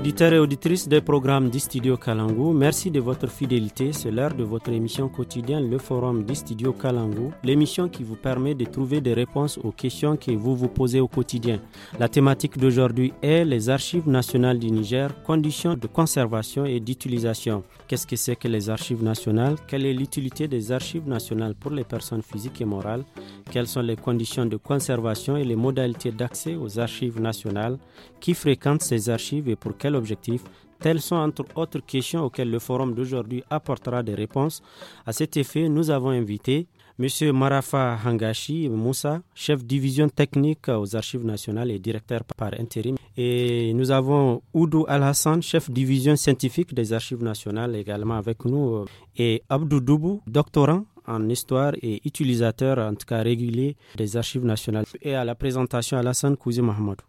Auditeurs et auditrices des programmes d'Istudio Studio Kalangu, merci de votre fidélité. C'est l'heure de votre émission quotidienne, le Forum d'Istudio Studio Kalangu, l'émission qui vous permet de trouver des réponses aux questions que vous vous posez au quotidien. La thématique d'aujourd'hui est les archives nationales du Niger, conditions de conservation et d'utilisation. Qu'est-ce que c'est que les archives nationales Quelle est l'utilité des archives nationales pour les personnes physiques et morales Quelles sont les conditions de conservation et les modalités d'accès aux archives nationales Qui fréquente ces archives et pour quelles quel objectif Telles sont entre autres questions auxquelles le forum d'aujourd'hui apportera des réponses. À cet effet, nous avons invité M. Marafa Hangashi Moussa, chef division technique aux Archives nationales et directeur par intérim. Et nous avons Oudou Al-Hassan, chef division scientifique des Archives nationales également avec nous. Et Abdou Doubou, doctorant en histoire et utilisateur en tout cas régulier des Archives nationales. Et à la présentation, Alassane Kouzi Mahmoud.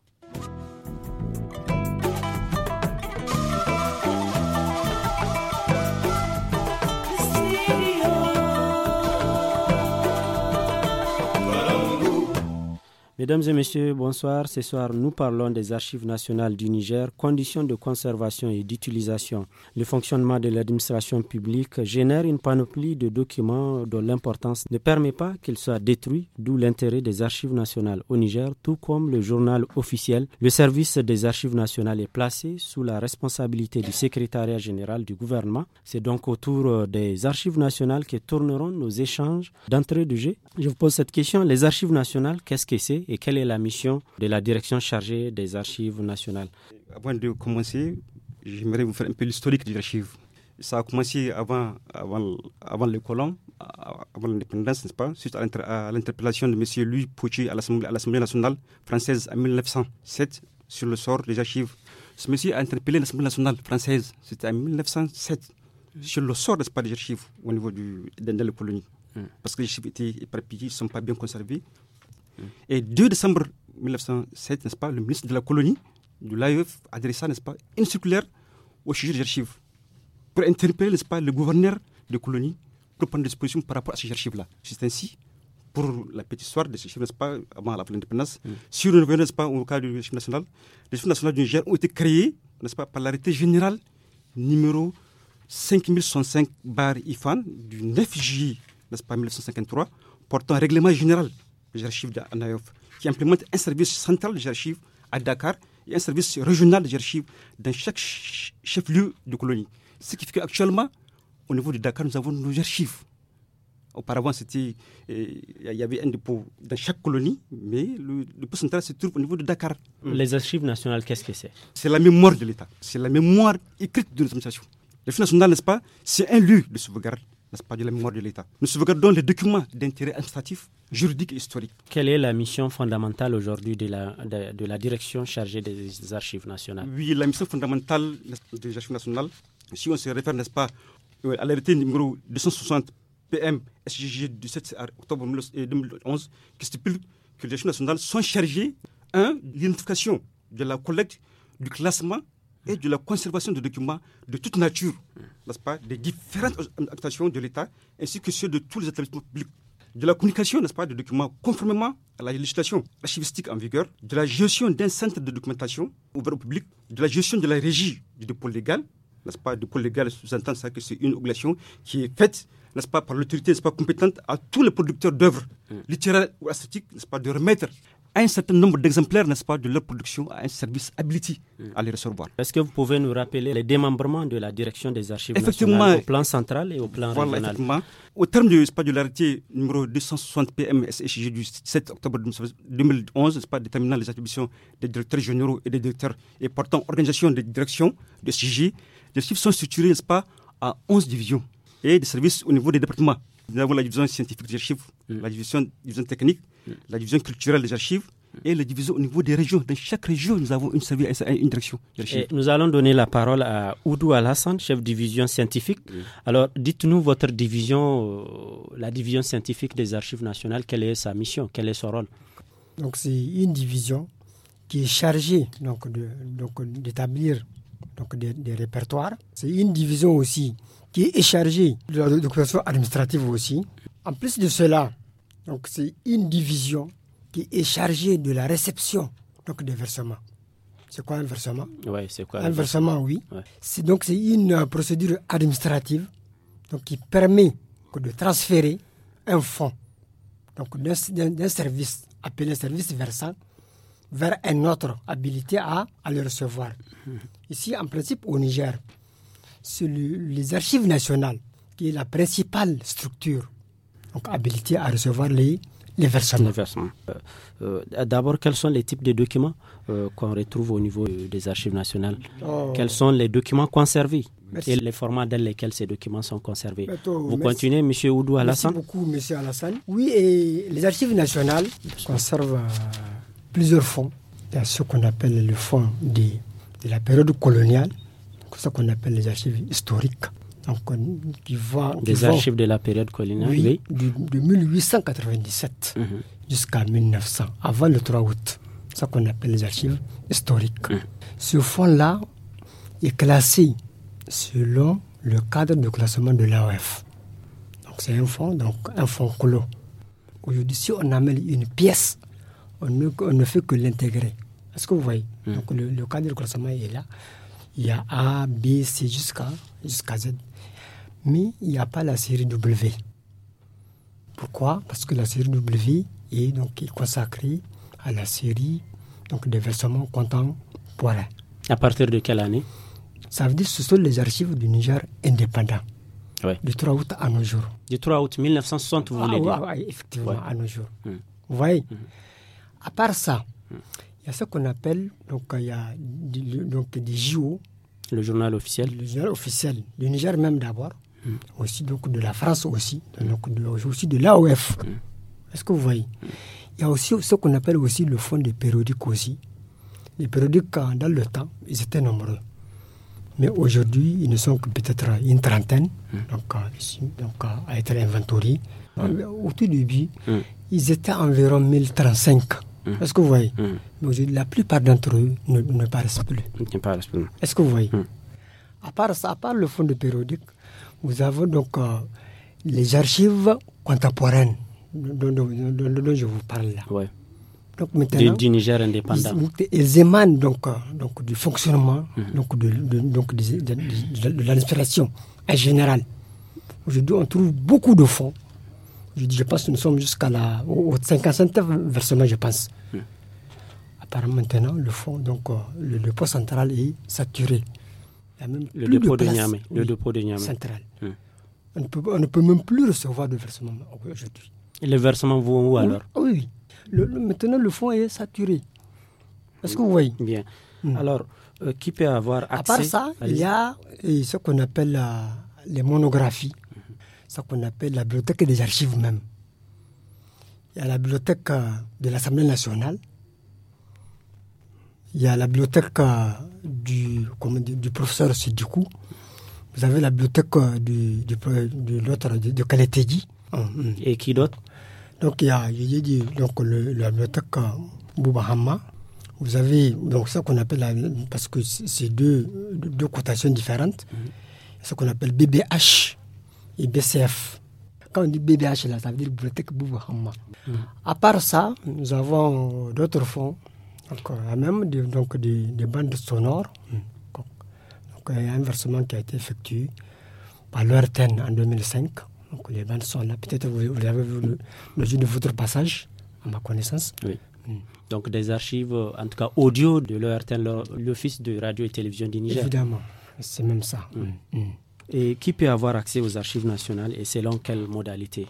Mesdames et messieurs, bonsoir. Ce soir, nous parlons des archives nationales du Niger, conditions de conservation et d'utilisation. Le fonctionnement de l'administration publique génère une panoplie de documents dont l'importance ne permet pas qu'ils soient détruits, d'où l'intérêt des archives nationales au Niger, tout comme le journal officiel. Le service des archives nationales est placé sous la responsabilité du secrétariat général du gouvernement. C'est donc autour euh, des archives nationales que tourneront nos échanges d'entrée de jeu. Je vous pose cette question. Les archives nationales, qu'est-ce que c'est et quelle est la mission de la direction chargée des archives nationales Avant de commencer, j'aimerais vous faire un peu l'historique des archives. Ça a commencé avant, avant, avant les colons, avant l'indépendance, n'est-ce pas, suite à l'interpellation de M. Louis Poitier à l'Assemblée nationale française en 1907 sur le sort des archives. Ce monsieur a interpellé l'Assemblée nationale française, c'était en 1907, sur le sort pas, des archives au niveau du, la colonie. Hum. Parce que les archives étaient ne sont pas bien conservés. Et 2 décembre 1907, n'est-ce pas, le ministre de la colonie de l'AEF adressa, n'est-ce pas, une circulaire au sujet des archives pour interpeller, n'est-ce pas, le gouverneur de colonie pour prendre des dispositions par rapport à ces archives-là. C'est ainsi, pour la petite histoire des archives, n'est-ce pas, avant l'indépendance, mm. si nous revenons, nest pas, au cas du national, les archives nationales du Niger ont été créés n'est-ce pas, par l'arrêté général numéro 5105 bar IFAN du 9 juillet, nest 1953, portant un règlement général les archives d'Anayof, qui implémentent un service central des archives à Dakar et un service régional des archives dans chaque chef-lieu de colonie. Ce qui fait qu'actuellement, au niveau de Dakar, nous avons nos archives. Auparavant, c'était, eh, il y avait un dépôt dans chaque colonie, mais le, dépôt central se trouve au niveau de Dakar. Mm. Les archives nationales, qu'est-ce que c'est C'est la mémoire de l'État. C'est la mémoire écrite de Les archives nationales, n'est-ce pas C'est un lieu de sauvegarde n'est-ce pas, de la mémoire de l'État. Nous sauvegardons les documents d'intérêt administratif, juridique et historique. Quelle est la mission fondamentale aujourd'hui de la, de, la direction chargée des archives nationales Oui, la mission fondamentale des archives nationales, si on se réfère, n'est-ce pas, euh, à l'arrêté numéro 260 PM SGG du 7 octobre 2011, euh, qui stipule que les archives nationales sont chargées, un, l'identification de la collecte, du classement et de la conservation de documents de toute nature, n'est-ce pas, des différentes actions de l'État, ainsi que ceux de tous les établissements publics. De la communication, n'est-ce pas, de documents conformément à la législation archivistique en vigueur, de la gestion d'un centre de documentation ouvert au public, de la gestion de la régie du dépôt légal, n'est-ce pas, dépôt légal sous-entend ça que c'est une obligation qui est faite n'est-ce pas, par l'autorité, n'est-ce pas, compétente à tous les producteurs d'œuvres littéraires ou esthétiques, n'est-ce pas, de remettre un certain nombre d'exemplaires, n'est-ce pas, de leur production à un service habilité hmm. à les recevoir. Est-ce que vous pouvez nous rappeler le démembrement de la direction des archives nationales au plan central et au plan régional effectivement, Au terme du, SPA de l'arrêté numéro 260 PMSHG du 7 octobre 2011, nest pas, déterminant les attributions des directeurs généraux et des directeurs et portant organisation des directions de CG, les chiffres sont structurés, nest pas, à 11 divisions et des services au niveau des départements. Nous avons la division scientifique des archives, la division, technique, la division culturelle des archives et la division au niveau des régions. Dans chaque région, nous avons une, une direction. nous allons donner la parole à Oudou Alassane, chef de division scientifique. Alors, dites-nous votre division, euh, la division scientifique des archives nationales, quelle est sa mission, quel est son rôle Donc, c'est une division qui est chargée donc, d'établir donc des, répertoires. C'est une division aussi qui est chargée de la documentation administrative aussi. En plus de cela, donc c'est une division qui est chargée de la réception donc des versements. C'est quoi un versement Oui, c'est quoi un, versement, oui. C'est donc c'est une procédure administrative donc qui permet de transférer un fonds donc d'un service appelé service versant vers un autre habilité à, à le recevoir. Ici, en principe, au Niger, c'est les archives nationales qui est la principale structure donc ah. habilité à recevoir les, les versements. Euh, euh, d'abord, quels sont les types de documents euh, qu'on retrouve au niveau des archives nationales oh. Quels sont les documents conservés et les formats dans lesquels ces documents sont conservés Vous continuez, M. Oudou Alassane Merci beaucoup, M. Alassane. Oui, et les archives nationales conservent plusieurs fonds. Il y a ce qu'on appelle le fonds de, de la période coloniale, ce qu'on appelle les archives historiques. Donc, euh, qui va, des archives de la période coloniale, oui. De, 1897 mhm. jusqu'à 1900, avant le 3 août. Ce qu'on appelle les archives historiques. Mhm. Ce fonds-là est classé selon le cadre de classement de l'AOF. Donc, c'est un fonds, donc un fonds clos. Aujourd'hui, si on amène une pièce on ne, fait que l'intégrer. Est-ce que vous voyez hmm. Donc le, cadre de classement est là. Il y a A, B, C jusqu'à Z. Mais il n'y a pas la série W. Pourquoi Parce que la série W est, donc, consacrée à la série donc, des versements poirés. À partir de quelle année Ça veut dire que ce sont les archives du Niger indépendant. Ouais. Du 3 août à nos jours. Du 3 août 1960, vous ah, voulez dire Oui, effectivement, à nos jours. Hmm. Vous voyez hmm. À part ça, hmm. il y a ce qu'on appelle, donc il a donc, des JO. Le journal officiel. Le journal officiel, du Niger même d'abord, hmm. aussi donc de la France aussi, aussi de l'AOF. Hmm. Est-ce que vous voyez Il y a aussi ce qu'on appelle aussi le fonds des périodiques aussi. Les périodiques, euh, dans le temps, ils étaient nombreux. Mais aujourd'hui, ils ne sont que peut-être une trentaine donc, euh, euh, à être inventoriés. Au tout début, ils étaient environ 1035. Mm. Est-ce que vous voyez mm. La plupart d'entre eux ne, paraissent plus. plus. Est-ce que vous voyez mm. à part, ça, à part le fonds de périodique, vous avez donc euh, les archives contemporaines dont, je vous parle là. Ouais. Donc maintenant, du, Niger indépendant. Ils, émanent donc, euh, donc du fonctionnement, donc de, donc de, de l'inspiration en général. Aujourd'hui, on trouve beaucoup de fonds je, pense que nous sommes jusqu'à la, au, 50 versement, je pense. Apparemment, maintenant, le fond, donc euh, le, dépôt central est saturé. le, dépôt de, Niamey. le dépôt de Niamey. Central. On, ne peut, même plus recevoir de versement euh, aujourd'hui. Et le versement vont où alors Oui. maintenant, le fond est saturé. Est-ce que vous voyez Bien. Hmm. Alors, euh, qui peut avoir accès À part ça, il y a ce qu'on appelle les monographies ce qu'on appelle la bibliothèque des archives même. Il y a la bibliothèque euh, de l'Assemblée nationale, il y a la bibliothèque euh, du, du professeur Sidikou, vous avez la bibliothèque euh, de l'autre, de, hum, hum. Et qui d'autre Donc il y a, donc, le, la bibliothèque Boubahama, vous avez donc ça qu'on appelle, parce que c'est deux, deux cotations différentes, hum. ce qu'on appelle BBH, IBCF. Quand on dit BBH, là, ça veut dire Bibliothèque Boubouhamma. À part ça, nous avons d'autres fonds, même des, donc des, bandes sonores. Donc, il y a un versement qui a été effectué par l'EURTEN en 2005. Donc, les bandes sont là. Peut-être vous, vous avez vu le, jeu de votre passage, à ma connaissance. Oui. Hmm. Donc, des archives, en tout cas audio de l'EURTEN, l'Office de radio et télévision du Niger. Évidemment, c'est même ça. Hmm. Hmm. Et qui peut avoir accès aux archives nationales et selon quelles modalités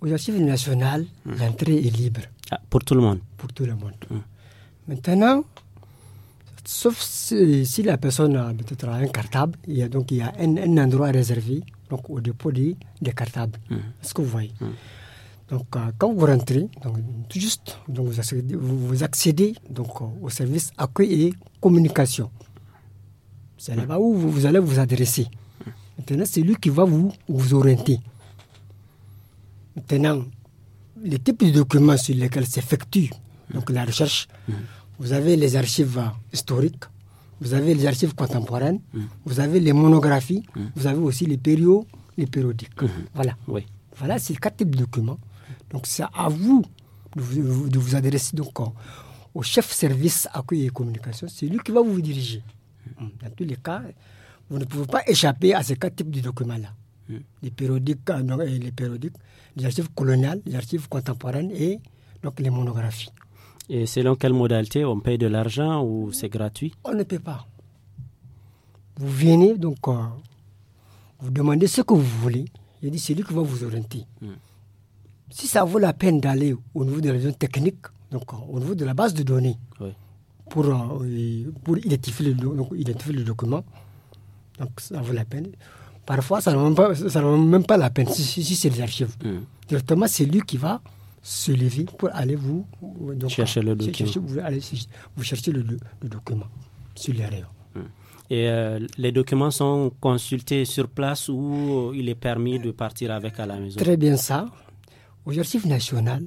Aux archives nationales, hmm. l'entrée est libre. Ah, pour tout le monde Pour tout le monde. Hmm. Maintenant, sauf si, la personne a peut-être un cartable, il y a donc il y a un, endroit réservé donc au dépôt des, cartables. Hmm. ce que vous voyez donc, euh, quand vous rentrez, donc, tout juste, donc vous accédez, donc, au service accueil et communication. C'est là-bas où vous, allez vous adresser. Maintenant, c'est lui qui va vous, vous orienter. Maintenant, les types de documents sur lesquels s'effectue donc la recherche, vous avez les archives historiques, vous avez les archives contemporaines, vous avez les monographies, vous avez aussi les périodes, les périodiques. Voilà. Voilà, c'est quatre types de documents. Donc, c'est à vous de vous, de vous adresser donc, au chef service accueil et communication. C'est lui qui va vous diriger. Hmm. Dans tous les cas, vous ne pouvez pas échapper à ces quatre types de documents-là. Hmm. Les périodiques, euh, euh, les périodiques, les archives coloniales, les archives contemporaines et donc les monographies. Et selon quelle modalité On paye de l'argent ou c'est gratuit On ne paie pas. Vous venez, donc, euh, vous demandez ce que vous voulez. Il dit, c'est lui qui va vous orienter. Hmm. Si ça vaut la peine d'aller au niveau de la zone technique, donc au niveau de la base de données, pour, euh, pour identifier, le, le document. Donc ça vaut la peine. Parfois, ça ne vaut même, pas la peine si, si, c'est les archives. Hmm. Directement, c'est lui qui va se lever pour aller vous donc, chercher le document. vous, cherchez le, document sur les hmm. Et euh, les documents sont consultés sur place ou euh, il est permis de partir avec à la maison Très bien ça. Aux archives nationales,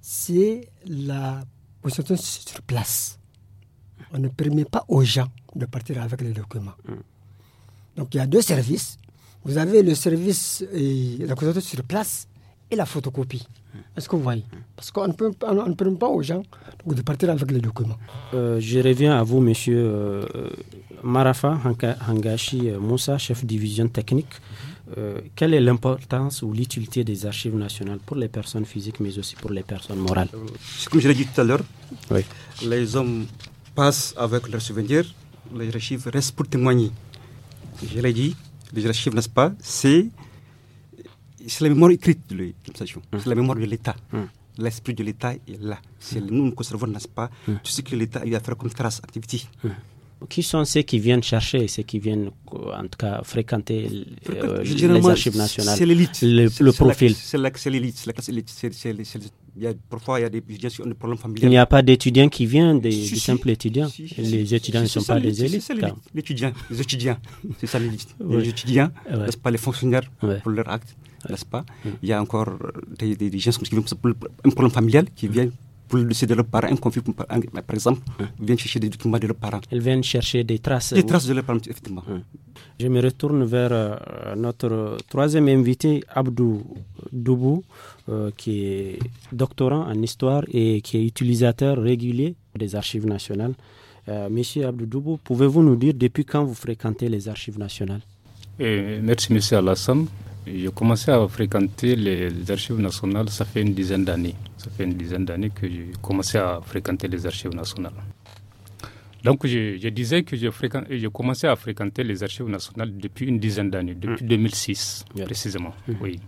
c'est la vous êtes sur place. On ne permet pas aux gens de partir avec les documents. Mm. Donc il y a deux services. Vous avez le service et la sur place et la photocopie. Mm. Est-ce que vous voyez mm. Parce qu'on ne, permet pas aux gens de partir avec les documents. Euh, je reviens à vous, monsieur euh, Marafa Hangashi Moussa, chef division technique. Mm-hmm. Euh, quelle est l'importance ou l'utilité des archives nationales pour les personnes physiques, mais aussi pour les personnes morales euh, Comme je l'ai dit tout à l'heure, les hommes passent avec leurs souvenirs, les archives restent pour témoigner. Je l'ai dit, les archives, n'est-ce pas C'est la mémoire écrite de l'administration, hum. c'est la mémoire de l'État. Hum. L'esprit de l'État est là. Hum. nous, nous conservons, n'est-ce pas, tout ce que l'État a eu à faire comme trace, activité qui sont ceux qui viennent chercher, ceux qui viennent en tout cas fréquenter euh, les archives nationales C'est l'élite. Le, profil. C'est l'élite. Parfois, il y a des, qui ont des problèmes familiaux. Il n'y a pas d'étudiants qui viennent, des, simples étudiants. les étudiants ne sont pas des élites. C'est L'étudiant, les étudiants, c'est ça l'élite. Les étudiants, n'est-ce pas, les fonctionnaires pour leur acte, n'est-ce pas Il y a encore des, gens qui viennent un problème familial qui viennent pour le dossier de leurs parents, un conflit, par, exemple, vient viennent chercher des documents de leurs parents. Elles viennent chercher des traces. Des traces de leurs parents, effectivement. Je me retourne vers euh, notre troisième invité, Abdou Doubou, euh, qui est doctorant en histoire et qui est utilisateur régulier des archives nationales. Euh, monsieur Abdou Doubou, pouvez-vous nous dire depuis quand vous fréquentez les archives nationales eh, Merci, monsieur Alassane. J'ai commencé à fréquenter les archives nationales, ça fait une dizaine d'années. Ça fait une dizaine d'années que j'ai commencé à fréquenter les archives nationales. Donc, je, disais que j'ai commencé à fréquenter les archives nationales depuis une dizaine d'années, depuis 2006 hum. précisément. Hum. Oui.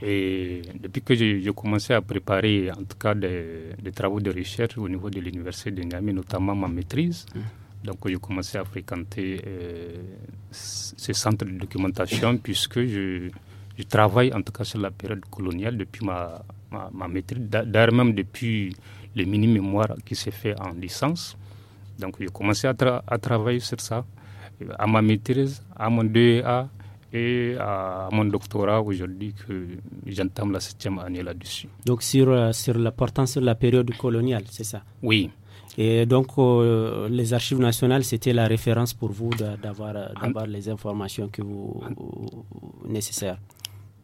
Et depuis que j'ai commencé à préparer, en tout cas, des, travaux de recherche au niveau de l'université de Niamey, notamment ma maîtrise, hum. donc j'ai commencé à fréquenter euh, ce ces centres de documentation puisque je travaille en tout cas sur la période coloniale depuis ma ma, ma maîtrise, d'ailleurs même depuis le mini-mémoire qui s'est fait en licence. Donc j'ai commencé à, travailler sur ça, euh, à ma maîtrise, à mon DEA et à mon doctorat aujourd'hui que j'entame la septième année là-dessus. Donc sur, euh, sur la portant sur la période coloniale, c'est ça Oui. Et donc, euh, les archives nationales, c'était la référence pour vous d'avoir les informations que vous, nécessaires.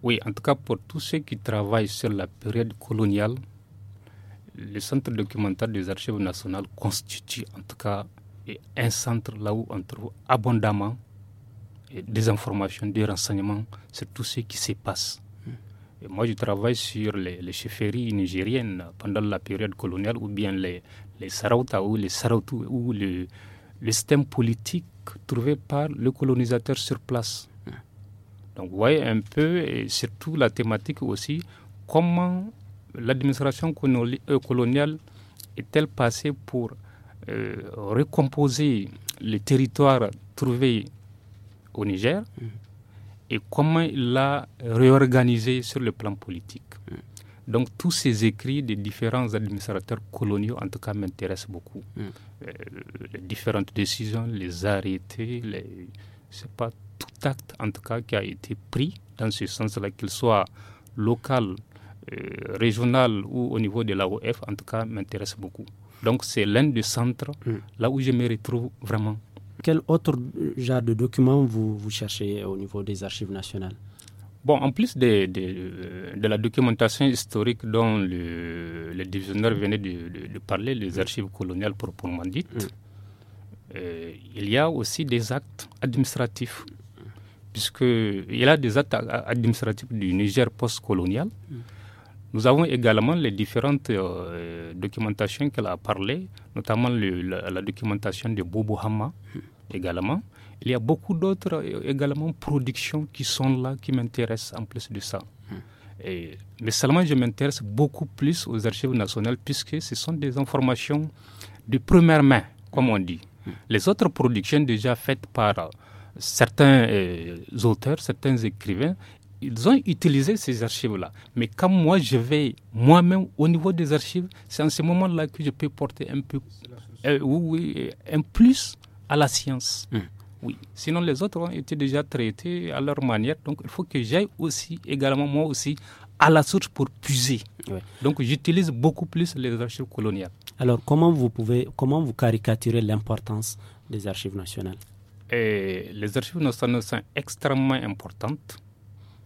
Oui, en tout cas, pour tous ceux qui travaillent sur la période coloniale, le centre documentaire des archives nationales constitue en tout cas un centre là où on trouve abondamment eh, des informations, des renseignements sur tout ce qui se passe. moi, je travaille sur les, chefferies nigériennes pendant la période coloniale, ou bien les, les ou les Sarautou, ou le système politique trouvé par le colonisateur sur place. Donc vous voyez un peu, et surtout la thématique aussi, comment l'administration euh, coloniale est-elle passée pour euh, recomposer les territoires trouvés au Niger mm-hmm. et comment il l'a réorganisé sur le plan politique. Mm. Donc tous ces écrits des différents administrateurs coloniaux, en tout cas, m'intéressent beaucoup. Mm. Euh, les différentes décisions, les arrêtés, les, c'est pas, tout acte, en tout cas, qui a été pris dans ce sens-là, qu'il soit local, euh, régional ou au niveau de l'AOF, en tout cas, m'intéresse beaucoup. Donc, c'est l'un des centres mm. là où je me retrouve vraiment. Quel autre euh, genre de documents vous, vous cherchez euh, au niveau des archives nationales Bon, en plus de, la documentation historique dont le, le divisionnaire venait de, parler, les mm. archives coloniales proprement dites, mm. il y a aussi des actes administratifs puisqu'il y a des actes administratifs du Niger post-colonial. Nous avons également les différentes euh, documentations qu'elle a parlé, notamment la, documentation de Bobo Hama également. Il y a beaucoup d'autres euh, également productions qui sont là, qui m'intéressent en plus de ça. Hmm. Et, mais seulement je m'intéresse beaucoup plus aux archives nationales puisque ce sont des informations de première main, comme on dit. Hmm. Les autres productions déjà faites par euh, certains euh, auteurs, certains écrivains, ils ont utilisé ces archives-là. Mais quand moi, je vais moi-même au niveau des archives, c'est en ce moment-là que je peux porter un peu, euh, oui, un plus à la science. Hum. Oui. Sinon, les autres ont été déjà traités à leur manière. Donc, il faut que j'aille aussi, également moi aussi, à la source pour puiser. Donc, j'utilise beaucoup plus les archives coloniales. Alors, comment vous pouvez, comment vous caricaturez l'importance des archives nationales les archives nationales sont extrêmement importantes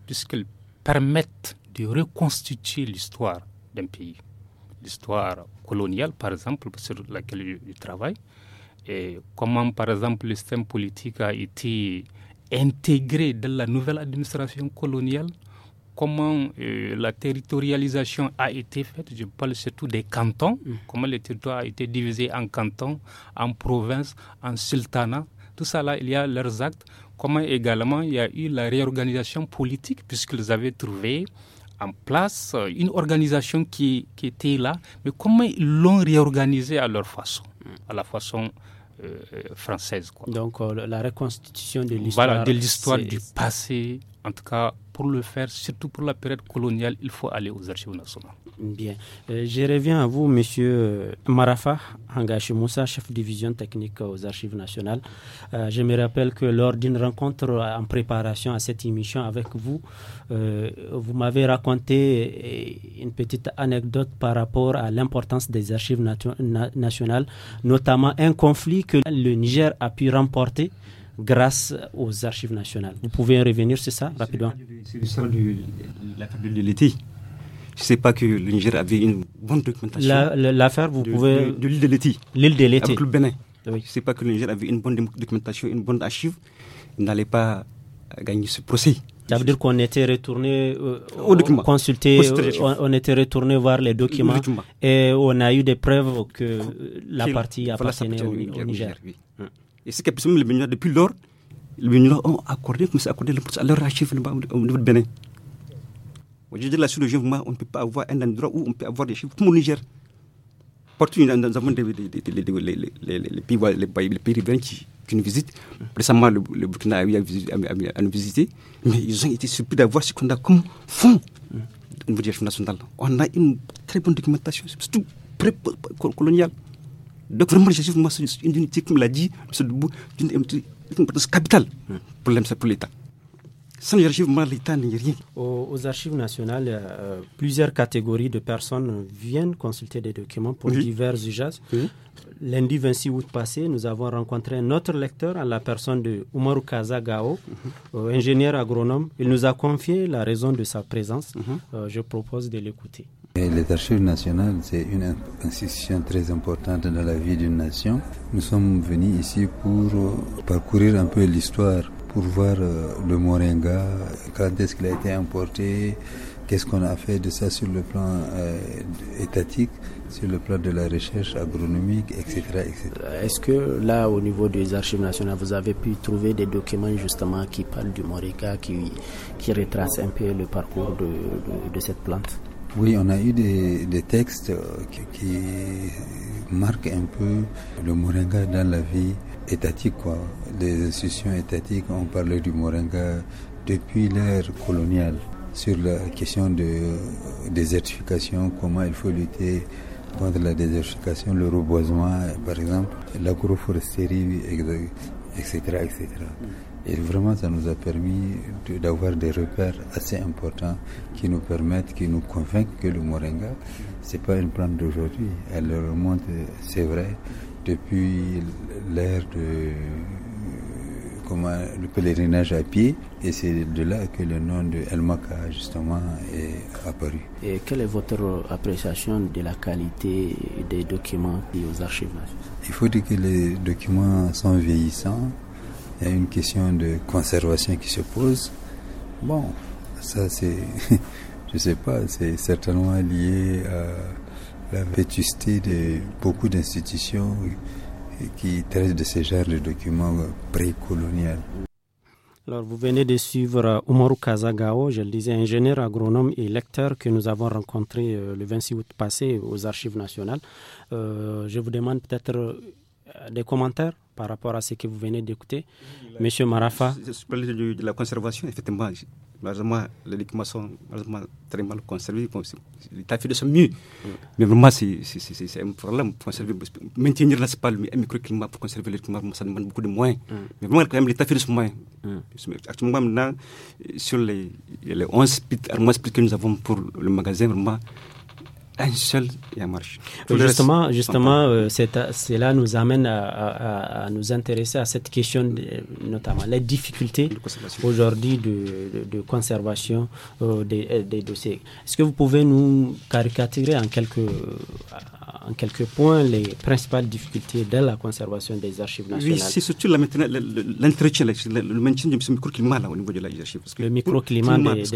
puisqu'elles permettent de reconstituer l'histoire d'un pays. L'histoire coloniale, par exemple, sur laquelle je, travaille, et comment, par exemple, le système politique a été intégré dans la nouvelle administration coloniale, comment euh, la territorialisation a été faite. Je parle surtout des cantons, mm. comment le territoire a été divisé en cantons, en provinces, en sultanats. Tout ça là, il y a leurs actes. Comment également il y a eu la réorganisation politique, puisqu'ils avaient trouvé en place euh, une organisation qui, était là, mais comment ils l'ont réorganisé à leur façon, à la façon euh, euh, française. Quoi. Donc la reconstitution de l'histoire. Voilà, de l'histoire du passé, en tout cas pour le faire, surtout pour la période coloniale, il faut aller aux archives nationales. Bien. Euh, je reviens à vous, monsieur euh, Marafa Hangashi Moussa, chef division technique aux archives nationales. Euh, je me rappelle que lors d'une rencontre en préparation à cette émission avec vous, vous m'avez raconté une petite anecdote par rapport à l'importance des archives nationales, notamment un conflit que le Niger a pu remporter grâce aux archives nationales. Vous pouvez revenir sur ça rapidement C'est l'histoire de l'île de l'été. Je ne sais pas que le Niger avait une bonne documentation. L'affaire, vous pouvez. De, l'île de l'été. L'île de l'été. Avec le Bénin. Je ne sais pas que le Niger avait une bonne documentation, une bonne archive. Il n'allait pas gagner ce procès. Ça veut dire qu'on était retourné euh, Au document. consulter, on, était retourné voir les documents et on a eu des preuves que la partie appartenait au, Niger. oui. Hein. Et ce qu'est le Bénin, depuis lors, le Bénin ont accordé, ça accordé à leur archive au niveau Bénin. Je dis la sur le on ne peut pas avoir un endroit où on peut avoir des chiffres comme au Niger. Partout, nous avons des, pays, les pays riverains qui, qui nous visitent. Récemment, le, Burkina a, a, visité, mais ils ont été surpris d'avoir ce qu'on a comme fond au niveau nationale. On a une très bonne documentation, surtout pré-coloniale. Donc vraiment, les moi, c'est une unité, comme l'a dit M. Debout, d'une importance capitale pour l'État. Sans les archives, l'État a rien. Aux, archives nationales, euh, plusieurs catégories de personnes viennent consulter des documents pour divers usages. Lundi 26 août passé, nous avons rencontré un autre lecteur à la personne de Umaru Kaza Gao, mhm. euh, ingénieur agronome. Il nous a confié la raison de sa présence. Mhm. Euh, je propose de l'écouter les archives nationales, c'est une institution très importante dans la vie d'une nation. Nous sommes venus ici pour euh, parcourir un peu l'histoire, pour voir euh, le Moringa, quand est-ce qu'il a été importé, qu'est-ce qu'on a fait de ça sur le plan euh, étatique, sur le plan de la recherche agronomique, etc. Est-ce que là, au niveau des archives nationales, vous avez pu trouver des documents justement qui parlent du Moringa, qui, qui retracent un peu le parcours de cette plante oui, on a eu des, textes euh, qui, marquent un peu le moringa dans la vie étatique. Quoi. Les institutions étatiques ont parlé du moringa depuis l'ère coloniale sur la question de euh, désertification, comment il faut lutter contre la désertification, le reboisement, par exemple, l'agroforesterie, etc., etc. Et vraiment, ça nous a permis d'avoir des repères assez importants qui nous permettent, qui nous convainquent que le moringa, c'est pas une plante d'aujourd'hui. Elle remonte, c'est vrai, depuis l'ère de comment, le pèlerinage à pied, et c'est de là que le nom de El Maka, justement, est apparu. Et quelle est votre appréciation de la qualité des documents liés aux archives Il faut dire que les documents sont vieillissants, il y a une question de conservation qui se pose. Bon, ça c'est, je sais pas, c'est certainement lié à la vétusté de beaucoup d'institutions qui traitent de ce genre de documents précoloniaux. Alors, vous venez de suivre Omaru euh, Kazagao, je le disais, ingénieur agronome et lecteur que nous avons rencontré euh, le 26 août passé aux Archives nationales. Euh, je vous demande peut-être des commentaires par rapport à ce que vous venez d'écouter. Monsieur Marafa. Je parlais de, la conservation, effectivement. Malheureusement, les documents sont malheureusement, très mal conservés. Les fait de son mieux. Mais vraiment, c'est un problème. Conserver, maintenir là, ce un microclimat pour conserver les documents, ça demande beaucoup de moyens. Mais vraiment, quand même, les fait de son Actuellement, maintenant, sur les, les 11 armoires que nous avons pour le magasin, vraiment, un seul Justement, justement euh, cela nous amène à, nous intéresser à cette question, notamment les difficultés aujourd'hui de, conservation euh, des, euh, des, dossiers. Est-ce que vous pouvez nous caricaturer en quelques, en quelques points les principales difficultés de la conservation des archives nationales. Oui, c'est surtout l'entretien, le, maintien de ce microclimat au niveau de la archives. Parce que le microclimat il,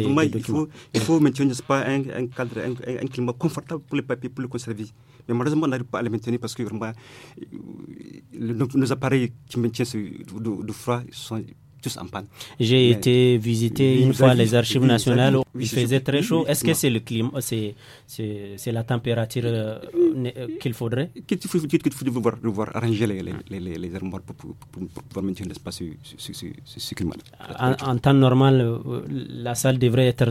faut, il faut maintenir un, cadre, un, climat confortable pour les papiers, pour le conserver. Mais malheureusement, on n'arrive pas à les maintenir parce que euh, nos, appareils qui maintiennent du froid sont tous en panne. J'ai été visiter une fois les archives nationales. il faisait très chaud. Est-ce que c'est le climat, c'est c'est la température euh, euh, qu'il faudrait que Qu'il faut, devoir, arranger les, les les armoires pour, pouvoir maintenir l'espace ce, climat. En, temps normal, euh, la salle devrait être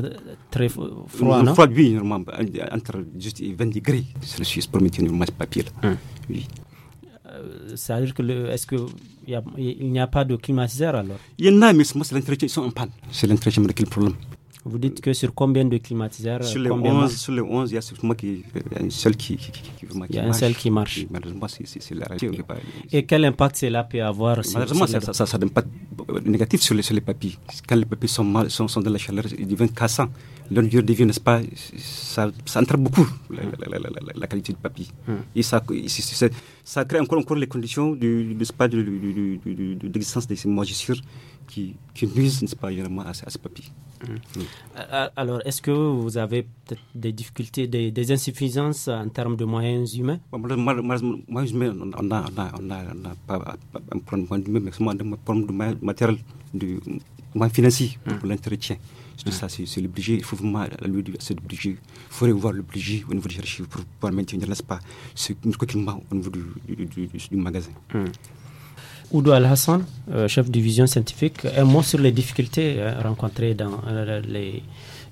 très froide, Froide, oui, normalement, entre juste 20 degrés Celsius pour maintenir le masse papier. Hein. Oui. Euh, ça veut dire que est-ce qu'il n'y a, a, pas de climatiseur alors Il y en a, mais c'est l'entretien, ils sont en panne. C'est l'entretien qui le problème. Vous dites que sur combien de climatiseurs Sur les, 11, sur les 11, il y a sûrement qui, un seul qui, qui, qui, qui marche. Il y a un seul qui marche. Et malheureusement, c'est la réalité. Et quel impact cela peut avoir Malheureusement, sur ça, ça, ça, a un impact négatif sur les, sur les papilles. Quand les papiers sont, mal, sont, sont dans la chaleur, ils deviennent cassants. Leur de vie, n'est-ce pas, ça, entraîne beaucoup la, qualité du papier. Hmm. Et ça, ça crée encore, encore les conditions du, pas, de, l'existence de ces magistrures qui, qui nuisent, n'est-ce pas, à, ce papier. Hmm. Alors, est-ce que vous avez peut-être des difficultés, des, insuffisances en termes de moyens humains Moyens humains, on n'a pas un problème de moyens humains, mais c'est un problème de matériel, de moyens financiers hmm. pour l'entretien. C'est ça, c'est le budget. Il faut voir à Il faut le budget au niveau des archives pour pouvoir maintenir, n'est-ce pas, ce coquillement au niveau du, magasin. Hmm. Oudou Al-Hassan, euh, chef de division scientifique, un mot sur les difficultés euh, rencontrées dans, euh, les,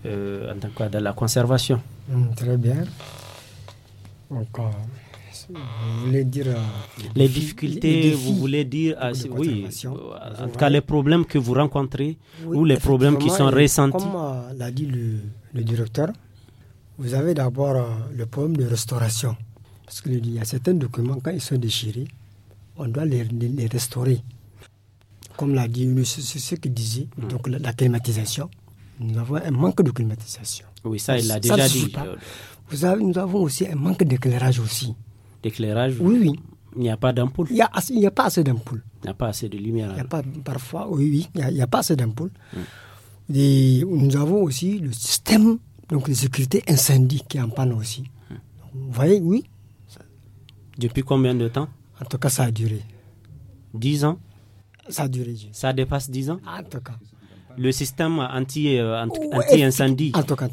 en dans la conservation. Hmm, très bien. Encore. Vous voulez dire euh, les, difficultés, vous voulez dire ah, oui, euh, en tout cas les problèmes que vous rencontrez ou les problèmes qui sont ressentis. Comme euh, l'a dit le, directeur, vous avez d'abord le problème de restauration. Parce qu'il y a certains documents, quand ils sont déchirés, on doit les, restaurer. Comme l'a dit ce qui disait, hum. donc la, climatisation. Nous avons un manque de climatisation. Oui, ça, il l'a déjà dit. nous avons aussi un manque d'éclairage aussi d'éclairage Oui, oui. Il n'y a pas d'ampoule Il n'y a, a, pas assez d'ampoule. Il n'y a pas assez de lumière. Il y a pas, parfois, oui, oui, il n'y a, pas assez d'ampoule. Hmm. Et nous avons aussi le système donc, de sécurité incendie qui est en panne aussi. Hmm. vous voyez, oui. Depuis combien de temps En tout cas, ça a duré. 10 ans Ça a duré. Ça dépasse 10 ans En tout cas. Le système euh, oh, anti-incendie en tout cas,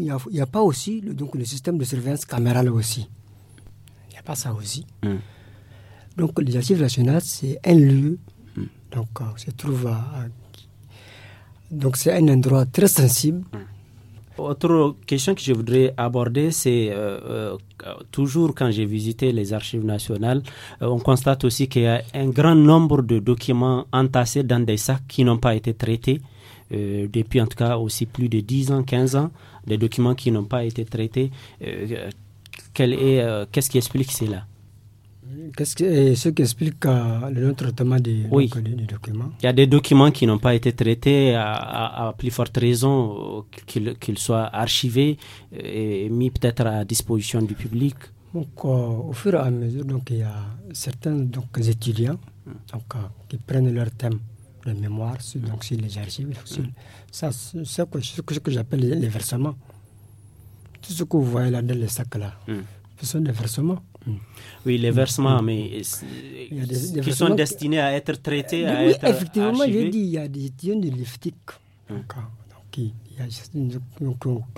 il n'y a, pas aussi le, donc, le système de surveillance camérale aussi ça aussi. Mm. Donc, les archives nationales, c'est un lieu, mm. donc euh, on se trouve à, donc c'est un endroit très sensible. Mm. Autre question que je voudrais aborder, c'est euh, euh, toujours quand j'ai visité les archives nationales, on constate aussi qu'il y a un grand nombre de documents entassés dans des sacs qui n'ont pas été traités. depuis en tout cas aussi plus de 10 ans, 15 ans, des documents qui n'ont pas été traités. Euh, qu'est-ce qui explique cela Qu'est-ce qui, explique euh, le non-traitement des, documents Il y a des documents qui n'ont pas été traités à, plus forte raison euh, qu'ils soient archivés et mis peut-être à disposition du public. au fur et à mesure, donc, il y a certains donc, étudiants hmm. donc, qui prennent leur thème de mémoire donc, les archives. Hmm. ça, c'est ce que, j'appelle les versements. Tout ce que vous voyez là dans les sacs là, ce sont des versements. Hmm. Oui, les versements, hmm. mais qui sont destinés à être traités, à oui, être effectivement, j'ai dit, il y a des étudiants de l'IFTIC hmm. euh, euh, qui,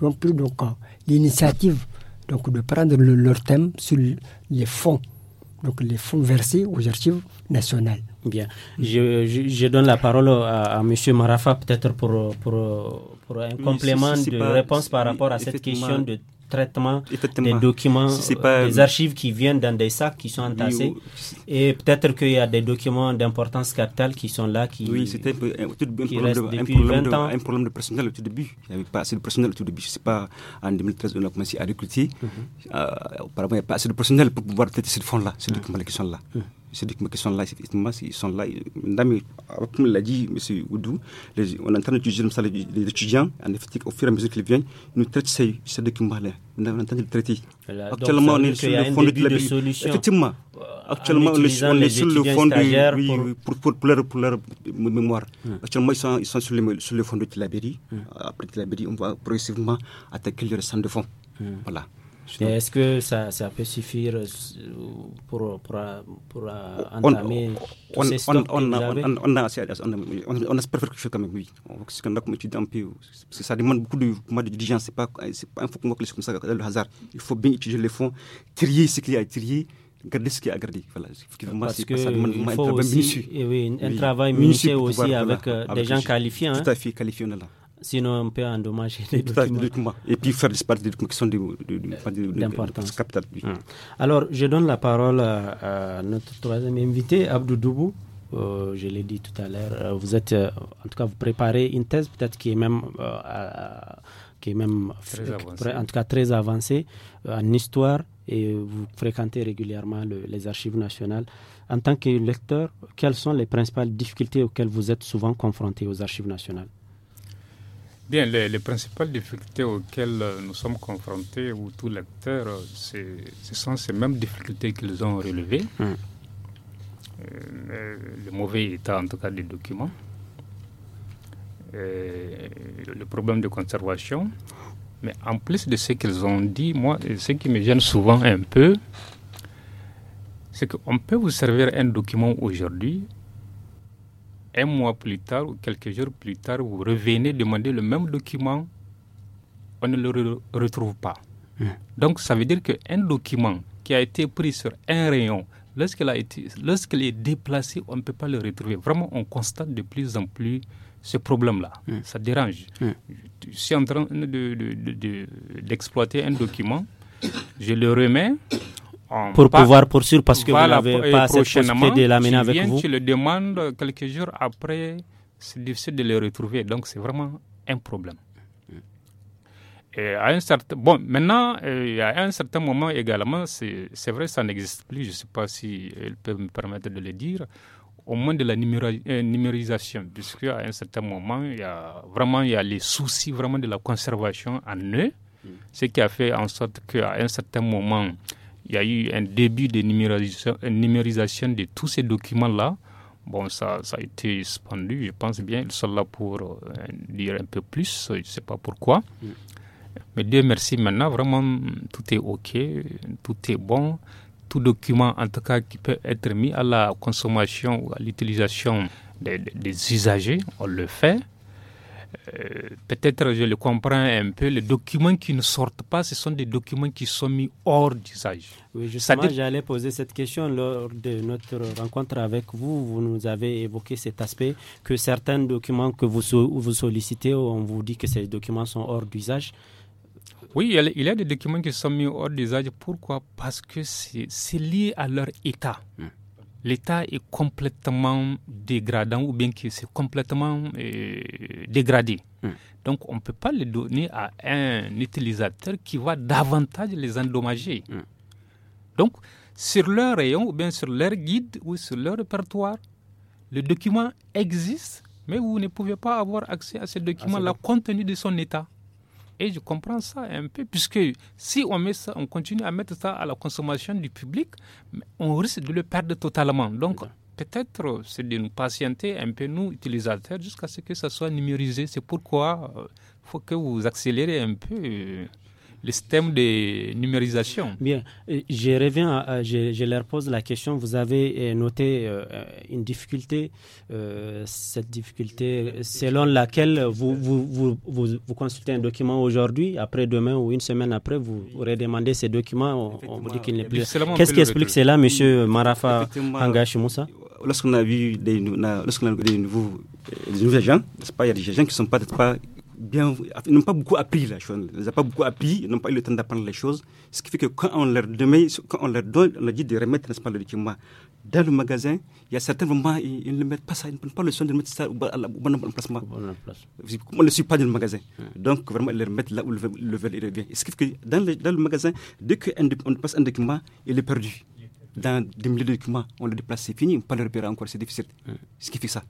ont pris euh, l'initiative donc, de prendre leur thème sur les fonds, donc les fonds versés aux archives nationales. Bien. Je, je, donne la parole à, M. Marafa peut-être pour, pour, pour un complément de réponse par rapport à cette question de traitement des documents, euh, des archives qui viennent dans des sacs qui sont entassés. et peut-être qu'il y a des documents d'importance capitale qui sont là, qui, oui, c'était un, un, un, un, problème de personnel au tout début. Il n'y avait pas assez de personnel au tout début. Je ne sais pas, en 2013, on a commencé à recruter. Mhm. euh, auparavant, il n'y a pas assez de personnel pour pouvoir traiter ces fonds-là, ces mhm. documents-là là. Mhm documents qui sont là, ils sont là. comme l'a dit M. Oudou, on est en train d'étudier les étudiants, en effet, au fur et à mesure qu'ils viennent, nous traitons ces, documents-là. On est en train de traiter. actuellement, euh, on est sur le fond de la solution. Effectivement. Actuellement, on est, sur le fond de. pour... pour, pour, leur, mémoire. Actuellement, ils sont, sur, le, fond de Tilabéry. Après Tilabéry, on va progressivement attaquer le centre de fond. Voilà est-ce que ça, peut suffire euh, pour, pour, euh, entamer on, tous on, on, a, on, on, a on, ça demande beaucoup de, diligence. pas ça, le hasard. Il faut bien étudier les fonds, trier ce qu'il y a à trier garder ce y a à garder. Parce ça avec, des gens qualifiés. Hein. Tout à fait, qualifiés, on est là. Sinon, on peut endommager les documents. Et puis faire disparaître des documents qui sont d'importance capitale. Hein. Alors, je donne la parole euh, à, notre troisième invité, Abdou Doubou. Euh, je l'ai dit tout à l'heure, euh, vous êtes, en tout cas, vous préparez une thèse peut-être qui est même, qui est même, en tout cas, très avancée en histoire et vous fréquentez régulièrement les archives nationales. En tant que lecteur, quelles sont les principales difficultés auxquelles vous êtes souvent confronté aux archives nationales Bien, les, principales difficultés auxquelles euh, nous sommes confrontés, ou tout l'acteur, euh, ce sont ces mêmes difficultés qu'ils ont relevées. Hum. Euh, le mauvais état, en tout cas, des documents. le problème de conservation. Mais en plus de ce qu'ils ont dit, moi, ce qui me gêne souvent un peu, c'est qu'on peut vous servir un document aujourd'hui, un mois plus tard ou quelques jours plus tard, vous revenez demander le même document, on ne le retrouve pas. Hein. Donc ça veut dire qu'un document qui a été pris sur un rayon, lorsqu'il lorsqu'il est déplacé, on ne peut pas le retrouver. Vraiment, on constate de plus en plus ce problème-là. Hein. Ça dérange. Hein. Je suis en train d'exploiter un document, je le remets, pour pouvoir poursuivre parce que vous n'avez pas cette possibilité de l'amener avec vous. Tu le demandes quelques jours après, c'est difficile de le retrouver. Donc c'est vraiment un problème. Et à un certain, bon, maintenant, à euh, un certain moment également, c'est vrai, ça n'existe plus. Je ne sais pas si elle peut me permettre de le dire. Au moins de la euh, numérisation, puisque à un certain moment, il y a vraiment il y a les soucis vraiment de la conservation en eux, mm. ce qui a fait en sorte qu'à un certain moment, il y a eu un début de numérisation, numérisation de tous ces documents-là. Bon, ça, ça, a été suspendu, je pense bien. Ils sont là pour euh, dire un peu plus, je ne sais pas pourquoi. Mm. Mais Dieu merci, maintenant, vraiment, tout est OK, tout est bon. Tout document, en tout cas, qui peut être mis à la consommation ou à l'utilisation des, usagers, on le fait. Euh, peut-être je le comprends un peu, les documents qui ne sortent pas, ce sont des documents qui sont mis hors d'usage. Oui, justement, j'allais poser cette question lors de notre rencontre avec vous. Vous nous avez évoqué cet aspect que certains documents que vous, vous sollicitez, on vous dit que ces documents sont hors d'usage. Oui, il y a des documents qui sont mis hors d'usage. Pourquoi Parce que c'est lié à leur état. Hmm l'État est complètement dégradant ou bien qu'il s'est complètement euh, dégradé. Hmm. Donc on ne peut pas les donner à un utilisateur qui va davantage les endommager. Hmm. Donc sur leur rayon ou bien sur leur guide ou sur leur répertoire, le document existe, mais vous ne pouvez pas avoir accès à ce document, ah, la contenu de son état. Et je comprends ça un peu, puisque si on, met ça, on continue à mettre ça à la consommation du public, on risque de le perdre totalement. Donc, peut-être euh, c'est de nous patienter un peu, nous, utilisateurs, jusqu'à ce que ça soit numérisé. C'est pourquoi il euh, faut que vous accélérez un peu euh, le système de numérisation. Bien, euh, je reviens, à, je, leur pose la question. Vous avez euh, noté euh, une difficulté, cette difficulté selon laquelle vous, vous, consultez un document aujourd'hui, après demain ou une semaine après, vous redemandez ces documents, on, vous dit qu'il n'est plus. Qu'est-ce qui explique cela, M. Marafa Angachimoussa Lorsqu'on a vu des, nouveaux, des nouveaux pas, il y a des agents qui ne sont peut-être pas ils n'ont pas beaucoup appris la chose. Ils n'ont pas beaucoup appris, n'ont pas eu le temps d'apprendre les choses. Ce qui fait que quand on leur, demande, on leur donne, on leur dit de remettre, le document dans le magasin, il y a certains moments, ils, ne mettent pas ça, ils ne prennent pas le soin de mettre ça au, bon emplacement. On ne le suit pas dans le magasin. Donc, vraiment, ils le remettent là où le, le verre revient. Ce qui fait que dans le magasin, dès qu'on passe un document, il est perdu dans des milliers de documents, on le déplace, c'est fini, on ne peut pas le repérer encore, c'est difficile. Ce qui fait ça.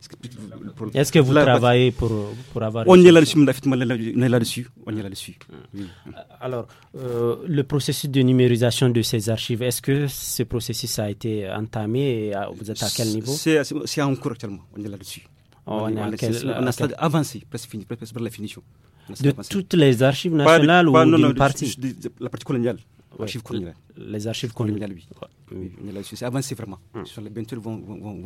Est-ce que vous travaillez pour, pour avoir. On est là-dessus, on est là-dessus. est là-dessus. Alors, euh, le processus de numérisation de ces archives, est-ce que ce processus a été entamé et vous êtes à quel niveau C'est en cours actuellement, on est là-dessus. Oh, on, a avancé, presque fini, presque, presque la finition. De toutes les archives nationales ou d'une partie de, La partie coloniale archives les archives coloniales, oui. C'est avancé vraiment. Hmm. les, bientôt, vont,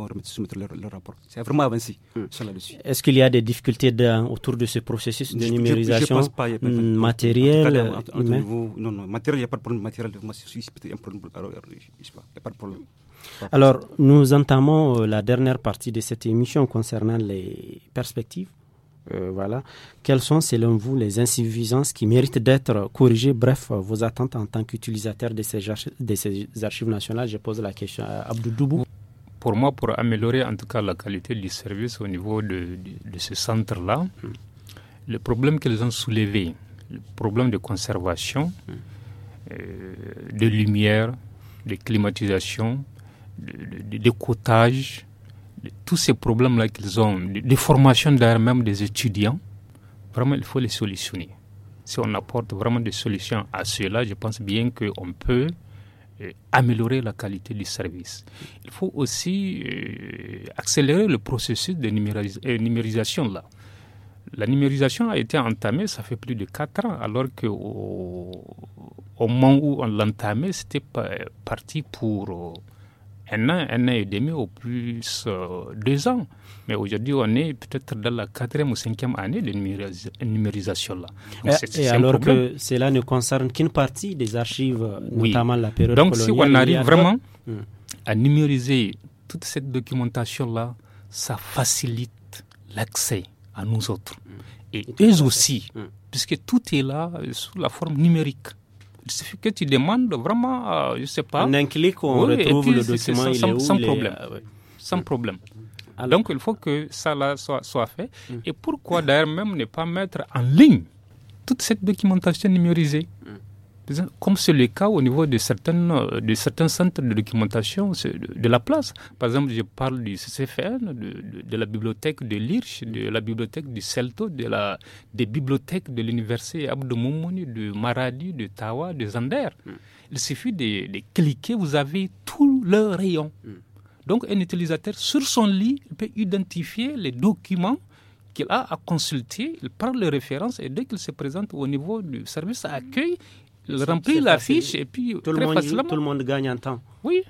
remettre, soumettre leur, rapport. C'est vraiment avancé hmm. sur là Est-ce qu'il y a des difficultés autour de ce processus de numérisation je, pense pas, hmm, matériel euh, Non, non, matériel, il n'y a pas de problème matériel. Moi, Alors, nous entamons euh, la dernière partie de cette émission concernant les perspectives euh, voilà. Quelles sont, selon vous, les insuffisances qui méritent d'être corrigées Bref, vos attentes en tant qu'utilisateur de, ces, archives nationales Je pose la question à Abdou Doubou. Pour moi, pour améliorer en tout cas la qualité du service au niveau de, ce centre-là, hmm. le problème qu'ils ont soulevé, le problème de conservation, hmm. euh, de lumière, de climatisation, de, décotage, tous ces problèmes-là qu'ils ont, des formations d'ailleurs même des étudiants, vraiment il faut les solutionner. Si on apporte vraiment des solutions à cela, je pense bien qu'on peut euh, améliorer la qualité du service. Il faut aussi euh, accélérer le processus de euh, numérisation là. La numérisation a été entamée, ça fait plus de 4 ans, alors qu'au au moment où on l'entamait, c'était parti pour un an, un an et demi, au plus euh, deux ans. Mais aujourd'hui, on est peut-être dans la quatrième ou cinquième année de numérisation-là. Euh, et, alors que cela ne concerne qu'une partie des archives, euh, notamment la période coloniale. Donc, si on arrive vraiment hmm. à numériser toute cette documentation-là, ça facilite l'accès à nous autres. Hmm. Et, eux aussi, hmm. puisque tout est là sous la forme numérique que tu demandes vraiment, euh, je ne sais pas. En un clic, on retrouve le document, il sans, problème. Euh, sans problème. Donc, il faut que ça là, soit, fait. Mm. Et pourquoi d'ailleurs même ne pas mettre en ligne toute cette documentation numérisée mm comme c'est le cas au niveau de, de certains centres de documentation de la place. Par exemple, je parle du CCFN, de, la bibliothèque de l'IRCH, de la bibliothèque du CELTO, de la, des bibliothèques de l'université Abdou Moumouni, de Maradi, de Tawa, de Zander. Hmm. Il suffit de, cliquer, vous avez tous le rayon. Hmm. Donc, un utilisateur, sur son lit, peut identifier les documents qu'il a à consulter, il prend les références et dès qu'il se présente au niveau du service à accueil, remplit la fiche et puis tout, le monde, gagne en temps. Oui.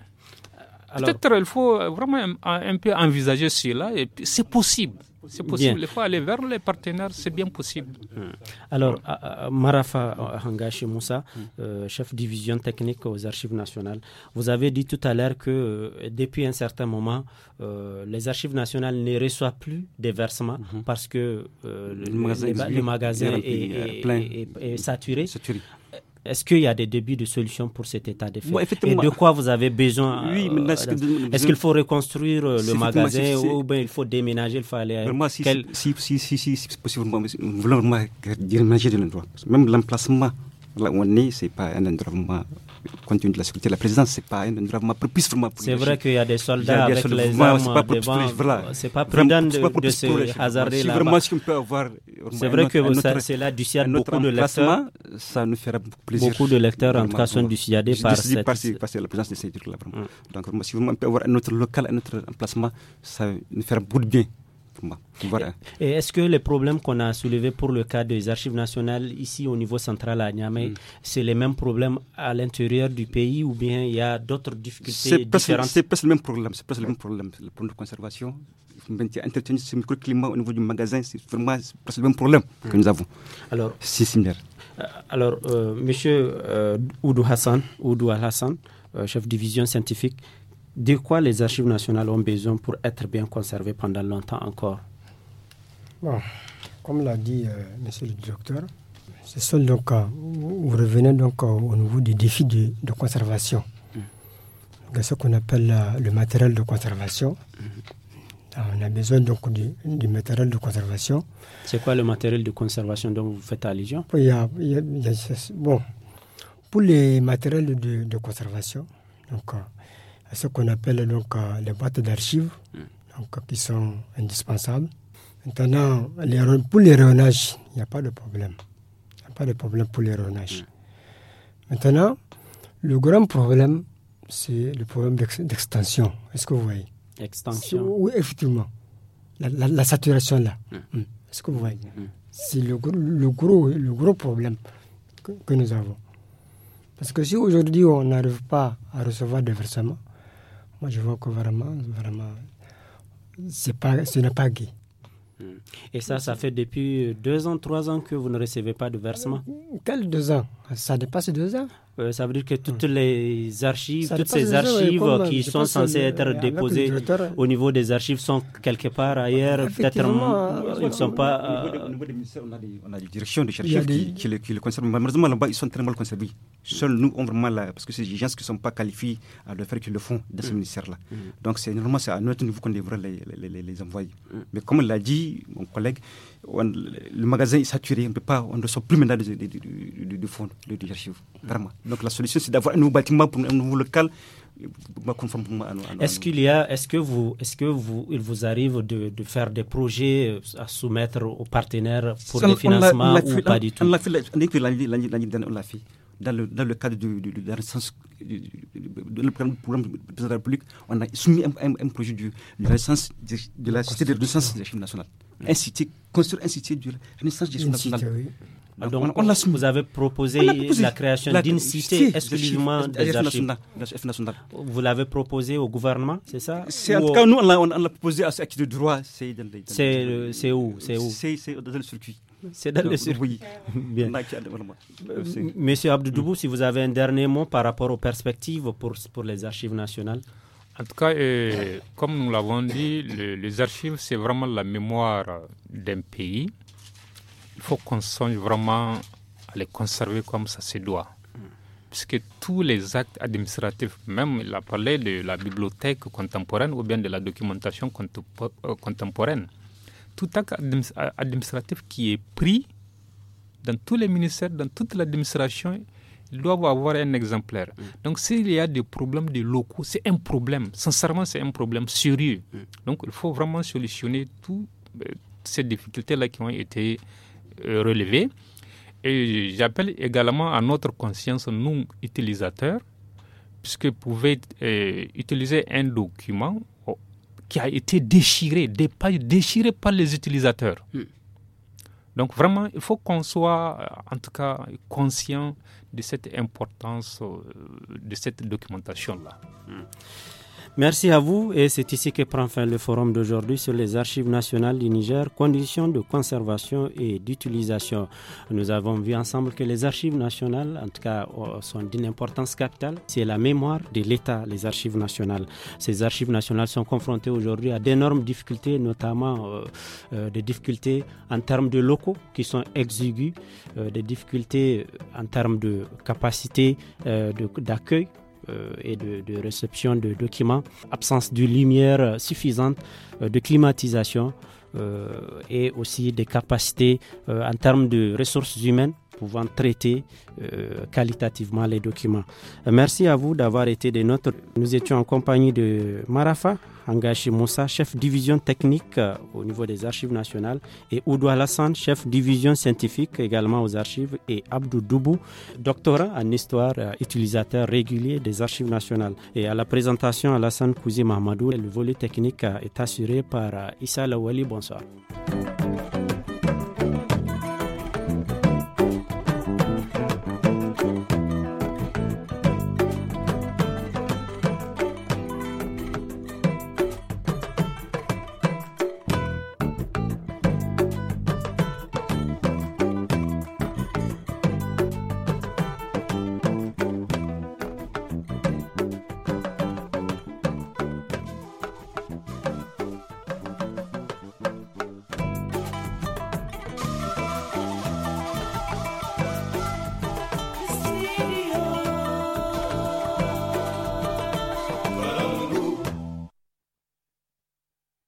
Peut-être il faut vraiment un, peu envisager cela. et C'est possible. C'est possible. Il faut aller vers les partenaires, c'est bien possible. Hmm. Alors, euh, euh, Marafa Hangashi Moussa, hmm. euh, chef division technique aux Archives nationales, vous avez dit tout à l'heure que depuis un certain moment, les Archives nationales ne reçoivent plus des versements hmm. parce que le, magasin, est, saturé. Est-ce qu'il y a des débuts de solutions pour cet état de fait Et de quoi vous avez besoin Est-ce qu'il faut reconstruire le magasin ou bien il faut déménager Il faut si, si, si, si, si, si, possible, nous voulons déménager de l'endroit. Même l'emplacement là où on est, ce pas un endroit compte de la sécurité de la présidence, c'est pas un endroit propice vraiment pour. C'est vrai qu'il y a des soldats avec les armes c'est pas devant. Voilà. C'est pas prudent de, se hasarder là. Vraiment, C'est vrai que c'est là du ciel, beaucoup de lecteurs. Ça nous fera beaucoup plaisir. Beaucoup de lecteurs en tout cas sont du par cette. parce que la présence de ces là vraiment. Mm. Donc, si vraiment on peut avoir un autre local, un autre emplacement, ça nous fera beaucoup de bien est-ce que les problèmes qu'on a soulevés pour le cas des archives nationales ici au niveau central à Niamey, hmm. c'est les mêmes problèmes à l'intérieur du pays ou bien il y a d'autres difficultés différentes C'est presque le même problème. C'est presque le même problème. Le problème de conservation, entretenir ce microclimat au niveau du magasin, c'est vraiment presque le même problème hmm. que nous avons. Alors, c'est euh, Alors, euh, Monsieur euh, Oudou Hassan, Oudou Al Hassan, chef division scientifique de quoi les archives nationales ont besoin pour être bien conservées pendant longtemps encore Comme l'a dit euh, monsieur le Docteur, c'est seul donc, euh, vous revenez donc euh, au niveau du défi de, conservation. C'est mm-hmm. ce qu'on appelle le matériel de conservation. Mm-hmm. Ah, on a besoin donc du, matériel de conservation. C'est quoi le matériel de conservation dont vous faites allusion Bon, pour les matériels de, de conservation, donc, à ce qu'on appelle donc euh, les boîtes d'archives, mm. donc, euh, qui sont indispensables. Maintenant, les, pour les il n'y a pas de problème. Il n'y a pas de problème pour les mm. Maintenant, le grand problème, c'est le problème d'extension. Est-ce que vous voyez Extension. Oui, effectivement. La, saturation là. Mm. Est-ce que vous voyez C'est le, le, gros, le gros problème que, que nous avons. Parce que si aujourd'hui on n'arrive pas à recevoir des versements, moi, je vois que vraiment, vraiment, pas, ce n'est pas gay. Et ça, ça fait depuis deux ans, trois ans que vous ne recevez pas de versement Quel deux ans Ça dépasse deux ans euh, Ça veut dire que toutes hum. les archives, toutes ces archives qui sont censées euh, être déposées au niveau des archives sont quelque part ailleurs, peut-être euh, ils ne sont pas... Au niveau des ministères, on a des directions de chercheurs qui, qui, les, qui Mais Malheureusement, là-bas, ils sont très mal conservés. Seuls nous, on vraiment là, parce que c'est des gens qui ne sont pas qualifiés à euh, le faire, qui le font dans ce mm. ministère-là. Mm. Donc, c'est normalement c'est à notre niveau qu'on devrait les, les, envoyer. Mm. Mais comme l'a dit mon collègue, le magasin est saturé, on ne peut pas, on ne reçoit plus maintenant du, du, fond, vraiment. Donc, la solution, c'est d'avoir un nouveau bâtiment pour un nouveau local euh, bah, est-ce qu'il y a, est-ce que vous, est-ce que vous, il vous arrive de, de, faire des projets euh, à soumettre aux partenaires pour des financement ou pas du tout on dans le, dans le cadre du, du, de la du, programme de la République, on a soumis un, projet de, la renaissance de, la cité de renaissance des nationale. nationales. construire un cité de renaissance des nationale. nationales. Donc, vous avez proposé la création d'une cité exclusivement des archives. Vous l'avez proposé au gouvernement, c'est ça En tout cas, nous, on l'a proposé à ce qui de droit. C'est où C'est dans le circuit. C'est dans le Oui. Monsieur Abdoudoubou, mm. si vous avez un dernier mot par rapport aux perspectives pour, pour les archives nationales. En tout cas, euh, comme nous l'avons dit, les archives, c'est vraiment la mémoire d'un pays. Il faut qu'on songe vraiment à les conserver comme ça se doit. Puisque tous les actes administratifs, même il a parlé de la bibliothèque contemporaine ou bien de la documentation euh, contemporaine, tout acte administratif qui est pris dans tous les ministères, dans toute l'administration, doit avoir un exemplaire. Mm. Donc s'il y a des problèmes de locaux, c'est un problème. Sincèrement, c'est un problème sérieux. Mm. Donc il faut vraiment solutionner toutes euh, ces difficultés-là qui ont été euh, relevées. Et j'appelle également à notre conscience, nous, utilisateurs, puisque vous pouvez euh, utiliser un document qui a été déchiré, déchiré par les utilisateurs. Hmm. Donc vraiment, il faut qu'on soit euh, en tout cas conscient de cette importance euh, de cette documentation-là. Hmm. Merci à vous et c'est ici que prend fin le forum d'aujourd'hui sur les archives nationales du Niger, conditions de conservation et d'utilisation. Nous avons vu ensemble que les archives nationales, en tout cas, oh, sont d'une importance capitale. C'est la mémoire de l'État, les archives nationales. Ces archives nationales sont confrontées aujourd'hui à d'énormes difficultés, notamment euh, euh, des difficultés en termes de locaux qui sont exigus, euh, des difficultés en termes de capacité d'accueil euh, et de, réception de documents, absence de lumière suffisante, euh, de climatisation euh, et aussi des capacités en termes de ressources humaines pouvant traiter euh, qualitativement les documents. Merci à vous d'avoir été des nôtres. Nous étions en compagnie de Marafa Angashi Moussa, chef division technique euh, au niveau des archives nationales, et Oudou Alassane, chef division scientifique également aux archives, et Abdou Doubou, doctorat en histoire, euh, utilisateur régulier des archives nationales. Et à la présentation, Alassane Kouzi Mahmadou, le volet technique est assuré par Issa Lawali. Bonsoir.